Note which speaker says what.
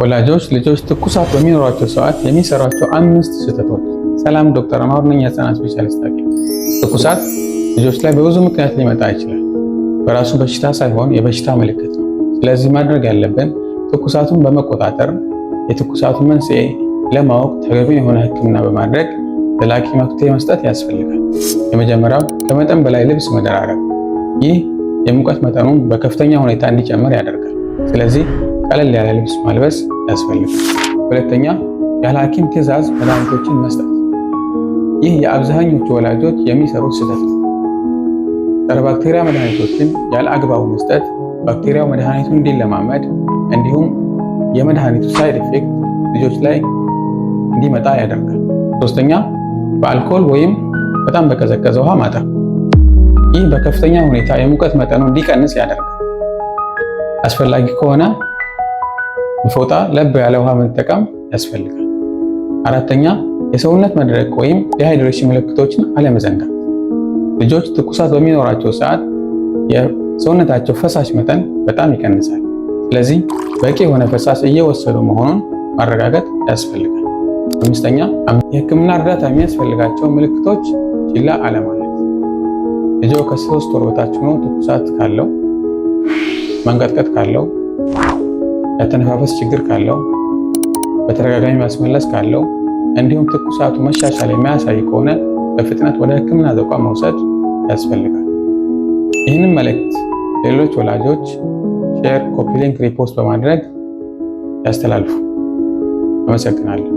Speaker 1: ወላጆች ልጆች ትኩሳት በሚኖራቸው ሰዓት የሚሰሯቸው አምስት ስህተቶች። ሰላም ዶክተር አማሩ ነኝ፣ የህፃናት ስፔሻሊስት ትኩሳት ልጆች ላይ በብዙ ምክንያት ሊመጣ ይችላል። በራሱ በሽታ ሳይሆን የበሽታ ምልክት ነው። ስለዚህ ማድረግ ያለብን ትኩሳቱን በመቆጣጠር የትኩሳቱን መንስኤ ለማወቅ ተገቢ የሆነ ሕክምና በማድረግ ዘላቂ መፍትሄ መስጠት ያስፈልጋል። የመጀመሪያው ከመጠን በላይ ልብስ መደራረብ። ይህ የሙቀት መጠኑን በከፍተኛ ሁኔታ እንዲጨምር ያደርጋል። ስለዚህ ቀለል ያለ ልብስ ማልበስ ያስፈልጋል። ሁለተኛ ያለ ሐኪም ትዕዛዝ መድኃኒቶችን መስጠት። ይህ የአብዛኞቹ ወላጆች የሚሰሩት ስህተት ነው። ጸረ ባክቴሪያ መድኃኒቶችን ያለ አግባቡ መስጠት ባክቴሪያው መድኃኒቱን እንዲለማመድ እንዲሁም የመድኃኒቱ ሳይድ ኢፌክት ልጆች ላይ እንዲመጣ ያደርጋል። ሶስተኛ በአልኮል ወይም በጣም በቀዘቀዘ ውሃ ማጠብ። ይህ በከፍተኛ ሁኔታ የሙቀት መጠኑ እንዲቀንስ ያደርጋል። አስፈላጊ ከሆነ ፎጣ ለብ ያለ ውሃ መጠቀም ያስፈልጋል። አራተኛ የሰውነት መድረቅ ወይም የሃይድሬሽን ምልክቶችን አለመዘንጋት። ልጆች ትኩሳት በሚኖራቸው ሰዓት የሰውነታቸው ፈሳሽ መጠን በጣም ይቀንሳል። ስለዚህ በቂ የሆነ ፈሳሽ እየወሰዱ መሆኑን ማረጋገጥ ያስፈልጋል። አምስተኛ የህክምና እርዳታ የሚያስፈልጋቸው ምልክቶች ችላ አለማለት። ልጆ ከሶስት ወር በታች ሆኖ ትኩሳት ካለው መንቀጥቀጥ ካለው ያተነፋፈስ ችግር ካለው በተደጋጋሚ ማስመለስ ካለው እንዲሁም ትኩሳቱ መሻሻል የሚያሳይ ከሆነ በፍጥነት ወደ ሕክምና ተቋም መውሰድ ያስፈልጋል። ይህንን መልእክት ሌሎች ወላጆች ሼር፣ ኮፒሊንክ፣ ሪፖስት በማድረግ ያስተላልፉ። አመሰግናለሁ።